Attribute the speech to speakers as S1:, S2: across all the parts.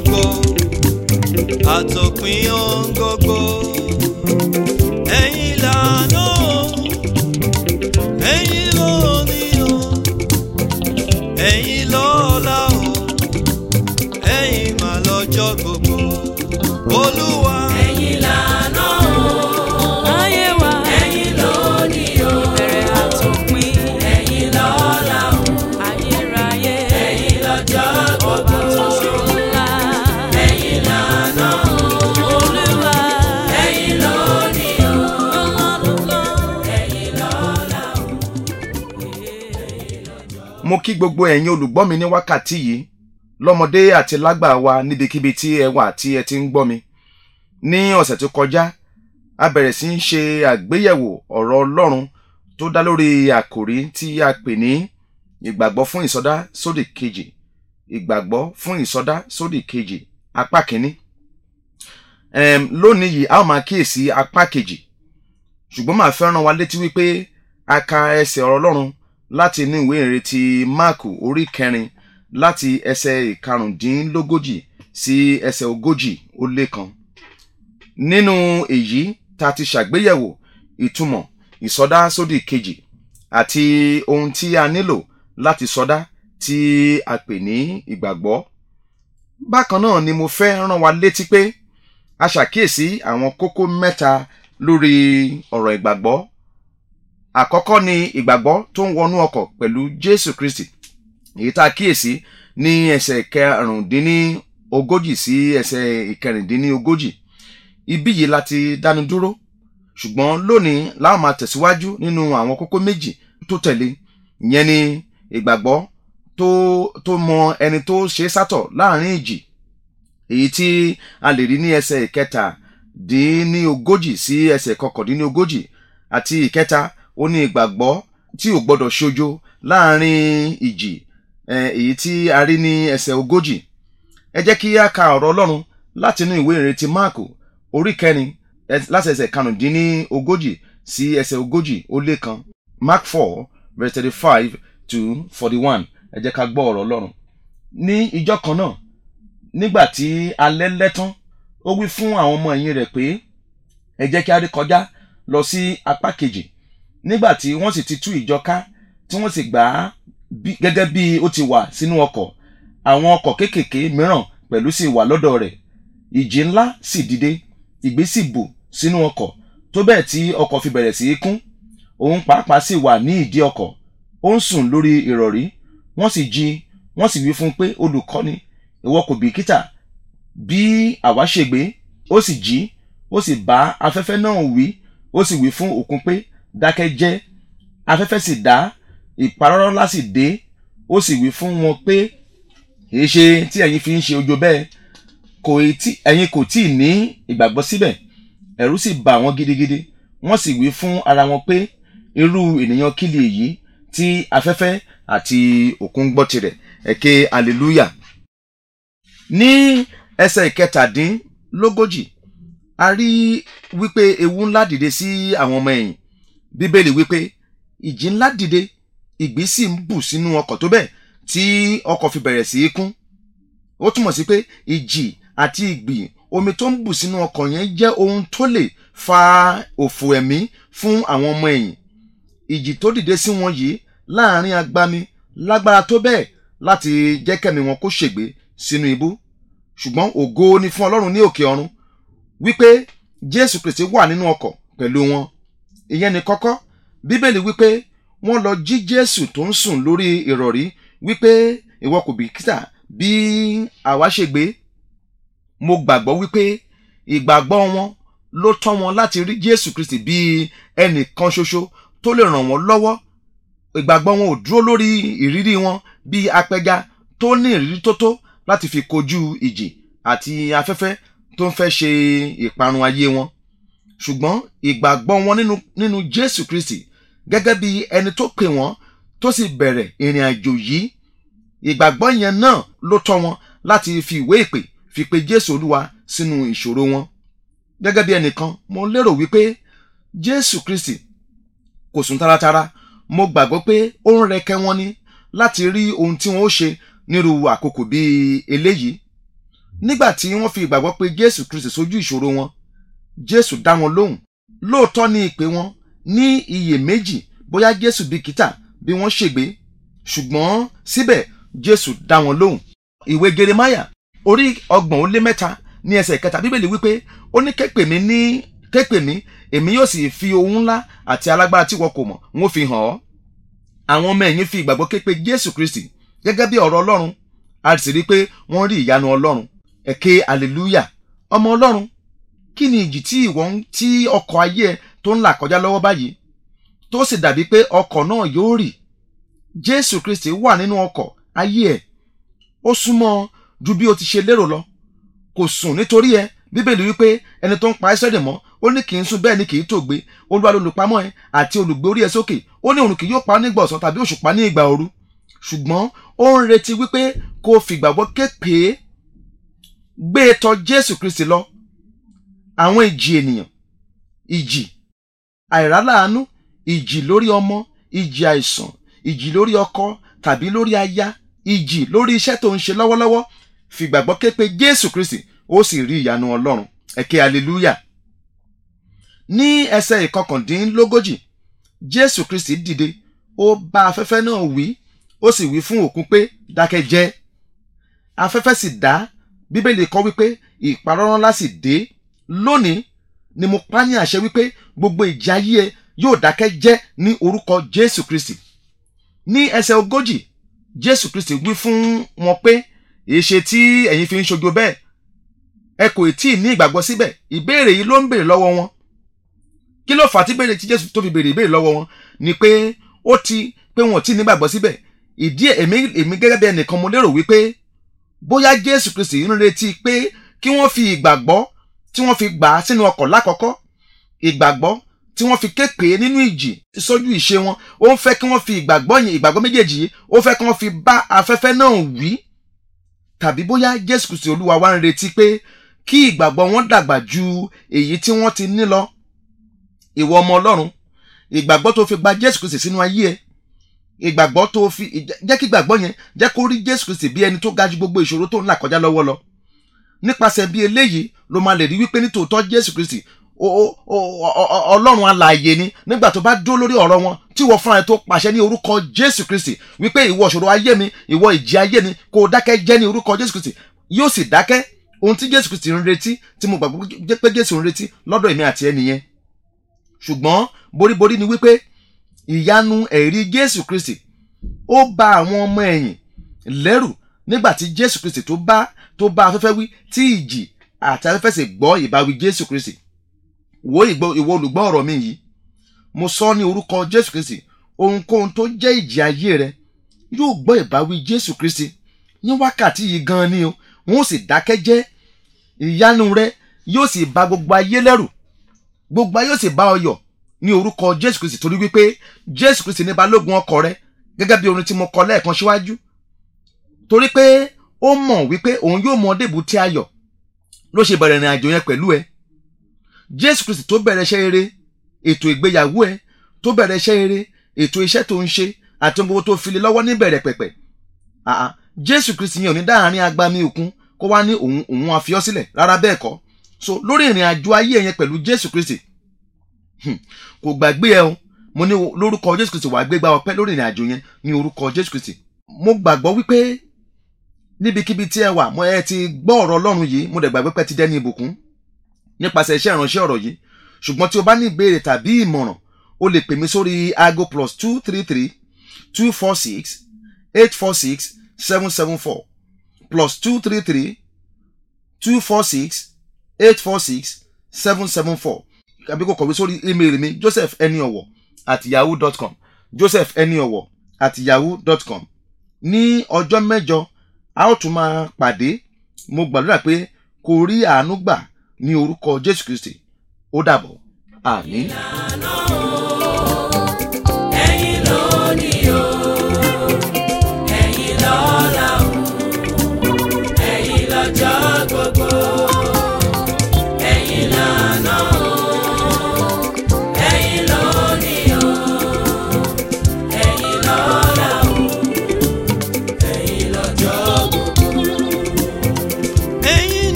S1: ògógó àtòpin ògógó ẹ̀yin lànà ẹ̀yin lónìí ẹ̀yin.
S2: kí gbogbo ẹ̀yin olùgbọ́ mi ní wákàtí yìí lọ́mọdé àti lágbà wa níbikíbi tí ẹ wà tí ẹ ti ń gbọ́ mi ní ọ̀sẹ̀ tó kọjá a bẹ̀rẹ̀ sí í ṣe àgbéyẹ̀wò ọ̀rọ̀ Ọlọ́run tó dá lórí àkòrí tí a pè ní ìgbàgbọ́ fún ìsọdá sódì kejì ìgbàgbọ́ fún ìsọdá sódì kejì apá kínní um, lónìí yìí a ó máa kíyèsí apá kejì ṣùgbọ́n màá fẹ́ wa létí wípé a ka ẹsẹ̀ ọ̀rọ̀ Ọlọ́run láti inú ìwé ìrètí Máàkù orí kẹrin láti ẹsẹ̀ ìkarùndínlógójì sí ẹsẹ̀ ogójì ó lé kan. nínú èyí tá a ti ṣàgbéyẹ̀wò ìtumọ̀ ìsọdásódì kejì àti ohun tí a nílò láti sọdá tí a pè ní ìgbàgbọ́. bákan náà ni mo fẹ́ rán wa létí pé a ṣàkíyèsí àwọn kókó mẹ́ta lórí ọ̀rọ̀ ìgbàgbọ́ àkọ́kọ́ ni ìgbàgbọ́ tó ń wọnú ọkọ̀ pẹ̀lú jésù kristi èyí tá a kíyèsí ní ẹsẹ̀ kẹrùndínlógójì sí ẹsẹ̀ ìkẹrìndínlógójì ibí yìí láti dánu dúró ṣùgbọ́n lónìí láwọn máa tẹ̀síwájú nínú àwọn kókó méjì tó tẹ̀lé ìyẹn ni ìgbàgbọ́ tó tó mọ ẹni tó ṣe sátọ̀ láàrin ìjì èyí tí a lè rí ní ẹsẹ̀ ìkẹtàdínlógójì sí ẹsẹ̀ kọkàndínlógójì àti ìkẹta ó ní ìgbàgbọ́ tí ò gbọ́dọ̀ ṣojo láàrin ìjì èyí tí a rí ní ẹsẹ̀ ogójì ẹ jẹ́ kí a ka ọ̀rọ̀ ọlọ́run láti inú ìwé ìrètí máàkù orí kẹrin láti ẹsẹ̀ karùndínní ogójì sí ẹsẹ̀ ogójì ó lé kan mark four verse thirty-five to forty-one ẹ jẹ́ ká gbọ́ ọ̀rọ̀ ọlọ́run. ní ìjọ kan náà nígbà tí alẹ́ lẹ́tán ó wí fún àwọn ọmọ ẹ̀yìn rẹ̀ pé ẹ jẹ́ kí a rí kọjá lọ sí apá kejì nígbà tí wọ́n sì ti tú ìjọ ká tí wọ́n sì gbà á gẹ́gẹ́ bí ó ti wà sínú ọkọ̀ àwọn ọkọ̀ kéékèèké mìíràn pẹ̀lú sì wà lọ́dọ̀ rẹ̀ ìjì ńlá sì dìde ìgbé sì bù sínú ọkọ̀ tó bẹ́ẹ̀ tí ọkọ̀ fi bẹ̀rẹ̀ sí í kún òun pàápàá sì wà ní ìdí ọkọ̀ ó ń sùn lórí ìrọ̀rí wọ́n sì jí wọ́n sì wí fún pé olùkọ́ni ìwọ kò bìkítà bí àwa ṣègbé e. ó sì jí ó sì bá afẹ́fẹ́ náà wí ó sì wí fún òkun pé dákẹ́jẹ́ afẹ́fẹ́ sì dá ìparọ́rọ́ lá sì dé ó sì wí fún wọn pé èyí ṣe tí ẹ̀yin fi ń ṣe ojo bẹ́ẹ̀ kò tí ẹ̀yin kò tí ì ní ìgbàgbọ́ síbẹ̀ ẹ̀rù sì bà wọ́n gidigidi wọ́n sì wí fún ara wọn pé irú ènìyàn kí lè yí tí afẹ́fẹ́ àti òkun gbọ́ tirẹ̀ ẹ̀kẹ́ hallelujah. ní ẹsẹ̀ ìkẹtàdínlógójì a rí wípé ewu ńlá dìde sí àwọn ọmọ ẹ̀yìn bíbélì wípé ìjì ńlá dìde ìgbì sì ń bù sínú ọkọ̀ tó bẹ́ẹ̀ tí ọkọ̀ fi bẹ̀rẹ̀ sí í kún ó túmọ̀ sí pé ìjì àti ìgbì omi tó ń bù sínú ọkọ̀ yẹn jẹ́ ohun tó lè fa òfò ẹ̀mí fún àwọn ọmọ ẹ̀yìn ìjì tó dìde sí wọn yìí láàrin agbami lágbára tó bẹ́ẹ̀ láti jẹ́ kẹ́mi wọn kó ṣègbè sínú ibú ṣùgbọ́n ògo ni fún ọlọ́run ní òkè ọ̀run wípé jésù kristi wà nínú ọkọ̀ pẹ̀lú wọn ìyẹn ní kọ́kọ́ bíbélì wípé wọ́n lọ jí jésù tó ń sùn lórí ìrọ̀rí wípé ìwọ kò bìkítà bí àwa ṣe gbé mo gbàgbọ́ wípé ìgbàgbọ́ wọn ló tọ́ wọn láti rí jésù kristi bí ẹnìkan ṣoṣo tó lè ràn wọ́n lọ́wọ́ ìgbàgbọ́ wọn ò dúró lórí ìrírí wọn bí apẹja tó ní ìrírí tó tó láti fi kojú ìjì àti afẹ́fẹ́ tó ń fẹ́ ṣe ìparun ayé wọn ṣùgbọ́n ìgbàgbọ́ wọn nínú nínú Jésù Kristi gẹ́gẹ́ bí ẹni tó pè wọ́n tó sì bẹ̀rẹ̀ ìrìn àjò yìí ìgbàgbọ́ yẹn náà ló tọ́ wọn láti fi ìwé ìpè fi pe Jésù Olúwa sínú ìṣòro wọn gẹ́gẹ́ bí ẹnìkan mo lérò wípé Jésù Kristi kò sùn taratara mo gbàgbọ́ pé ó ń rẹkẹ́ wọn ni láti rí ohun tí wọn ó ṣe nírú àkókò bíi eléyìí nígbà tí wọ́n fi ìgbàgbọ́ pe Jésù Kristi sójú ìṣòro wọn jésù dá wọn lóhùn lóòótọ́ ní ìpè wọn ní iyèméjì bóyá jésù bìkítà bí wọ́n ṣègbé ṣùgbọ́n síbẹ̀ jésù dá wọn lóhùn ìwé jeremaya orí ọgbọ̀n ó lé mẹ́ta ní ẹsẹ̀ kẹta bíbélì wípé ó ní képè mí ní képè mí èmi yóò sì fi ohun ńlá àti alágbára tí wọn kò mọ̀ ń fi hàn ọ́ àwọn ọmọ ẹ̀yìn fi ìgbàgbọ́ képe jésù kristi gẹ́gẹ́ bí ọ̀rọ̀ ọlọ́run a sì rí i pé wọ́n rí ìyanu ọlọ́run ẹ̀kẹ́ hallelujah ọmọ ọlọ́run kí ni ìjì tí ìwọ ń tí ọkọ̀ ayé ẹ tó ń là kọjá lọ́wọ́ báyìí tó sì dàbí pé ọkọ̀ náà yóò rì Jésù Kristi wà nínú ọkọ̀ ayé ẹ ó súnmọ́ ju bí o ti ṣe lérò lọ kò sùn nítorí ẹ bíbélì wípé ẹni tó ń pa ẹsẹ̀ dè mọ́ ó ní kì í sùn bẹ́ẹ̀ ni kì í tògbé olúwa lolùpamọ́ ẹ àti olùgbé orí ẹ sókè ó ní òrùn kì yóò pa nígbà ọ̀sán tàbí òṣùpá ní ìgbà òru ṣùgbọ́n ó ń retí wípé kó o fìgbàgbọ́ képe gbé e tọ̀ Jésù Kristi lọ àwọn ìjì ènìyàn ìjì àìráláàánú ìjì lórí ọmọ ìjì àìsàn ìjì lórí ọkọ tàbí lórí aya ìjì lórí iṣẹ́ tó ń ṣe lọ́wọ́lọ́wọ́ fìgbàgbọ́ ké pe Jésù Kristi ó sì rí ìyanu Ọlọ́run ẹ̀kẹ́ hallelujah ní ẹsẹ̀ ìkọkàndínlógójì Jésù Kristi dìde ó bá afẹ́fẹ́ náà wí ó sì wí fún òkun pé dákẹ́ jẹ́ afẹ́fẹ́ sì dá Bíbélì kọ wípé ìparọ́rọ́ ńlá sì dé lónìí ni mo pa ní àṣẹ wípé gbogbo ìjà ayé ẹ yóò dákẹ́ jẹ́ ní orúkọ jésù kristi ní ẹsẹ̀ ogójì jésù kristi wí fún wọn pé èṣe tí ẹ̀yin fi ń ṣojo bẹ́ẹ̀ ẹ kò tí ì ní ìgbàgbọ́ síbẹ̀ ìbéèrè yìí ló ń béèrè lọ́wọ́ wọn kí ló fà á tí béèrè tí jésù tó fi béèrè ìbéèrè lọ́wọ́ wọn ni pé ó ti pé wọn ò tí ì ní ìgbàgbọ́ síbẹ̀ ìdí èmi èmi gẹ́gẹ́ bí ẹnìkan mo lérò wípé bóyá jésù kristi ń retí pé kí wọ́n fi ìgbàgbọ́ tí wọ́n fi gbà á sínú ọkọ̀ lákọ̀ọ́kọ́ ìgbàgbọ́ tí wọ́n fi képe nínú ìjì sójú ìṣe wọn ó ń fẹ́ kí wọ́n fi ìgbàgbọ́ yìí ìgbàgbọ́ méjèèjì yìí ó fẹ́ kí wọ́n fi bá afẹ́fẹ́ náà wí tàbí bóyá Jésù Kristi Olúwa wa ń retí pé kí ìgbàgbọ́ wọn dàgbà ju èyí tí wọ́n ti ní lọ ìwọ ọmọ Ọlọ́run ìgbàgbọ́ tó fi gba Jésù Kristi sínú ayé ẹ ìgbàgbọ́ tó fi jẹ́ kí ìgbàgbọ́ yẹn jẹ́ kó rí Jésù Kristi bí ẹni tó ga ju gbogbo ìṣòro tó ń là kọjá lọ́wọ́ lọ nípasẹ̀ bí eléyìí ló máa lè rí wípé nítòótọ́ Jésù Kristi ọlọ́run alààyè ni nígbà tó bá dúró lórí ọ̀rọ̀ wọn tí wọ́n fúnra rẹ̀ tó pàṣẹ ní orúkọ Jésù Kristi wípé ìwọ ìṣòro ayé mi ìwọ ìjì ayé mi kó o dákẹ́ jẹ́ ní orúkọ Jésù Kristi yóò sì dákẹ́ ohun tí Jésù Kristi ń retí tí mo gbàgbọ́ pé Jésù ń retí lọ́dọ̀ èmi àti ẹ nìyẹn ṣùgbọ́n boríborí ni wípé ìyanu ẹ̀rí Jésù Kristi ó bà àwọn ọmọ ẹ̀yìn lẹ́rù nígbà tí jésù kristi tó bá tó bá afẹ́fẹ́ wí tí ìjì àti afẹ́fẹ́ sì gbọ́ ìbáwí jésù kristi wo ìwọ olùgbọ́ ọ̀rọ̀ mi yìí mo sọ ní orúkọ jésù kristi ohunkóhun tó jẹ́ ìjì ayé rẹ yóò gbọ́ ìbáwí jésù kristi ní wákàtí yìí gan ni o wọn ò sì dákẹ́ jẹ́ ìyanu rẹ yóò sì bà gbogbo ayé lẹ́rù gbogbo ayé yóò sì bá ọ yọ̀ ní orúkọ jésù kristi torí wípé jésù kristi ní balógun ọkọ̀ rẹ gẹ́gẹ́ bí orin tí mo kọ lẹ́ẹ̀kan síwájú torí pé ó mọ̀ wípé òun yóò mọ débùtì ayọ̀ ló ṣe bẹ̀rẹ̀ ìrìn àjò yẹn pẹ̀lú ẹ jésù kristi tó bẹ̀rẹ̀ iṣẹ́ rere ètò ìgbéyàwó ẹ tó bẹ̀rẹ̀ iṣẹ́ rere ètò iṣẹ́ tó ń ṣe àti gbogbo tó fi lé lọ́wọ́ níbẹ̀rẹ̀ pẹ̀pẹ̀ jésù kristi yẹn ò ní dáhàrin agbami òkun kó wá ní òun òun àfihàn sílẹ̀ rárá bẹ́ẹ̀ kọ́ so lórí ìrìn àjò ayé yẹn pẹ̀lú jésù kristi hmm, kò gbàgbé ẹ o mo ní lórúkọ jésù kristi wàá gbégbá ọpẹ́ lórí ìrìn àjò yẹn ní orúkọ jésù kristi mo gbàgbọ́ wípé níbikíbi tí ẹ wà mo ẹ ti gbọ́ ọ̀rọ̀ ọlọ́run yìí mo dẹ̀ gbàgbé pé ti dẹ́ni ìbùkún nípasẹ̀ iṣẹ́ ìránṣẹ́ ọ̀rọ̀ yìí ṣùgbọ́n tí o bá ní ìbéèrè tàbí ìmọ̀ràn o lè pè mí sórí aago plus two three three two four six eight four six seven seven four plus two three three two four six eight four six seven seven four àbí kò kọ̀wé sórí email mi joseph eniowo at yahoo dot com joseph eniowo at yahoo dot com ní ọjọ́ mẹ́jọ a ó tún máa pàdé mo gbàdúrà pé kò rí àánú gbà ní orúkọ Jésù Kristi ó dàbọ̀ àmín. Yeah.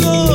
S1: you.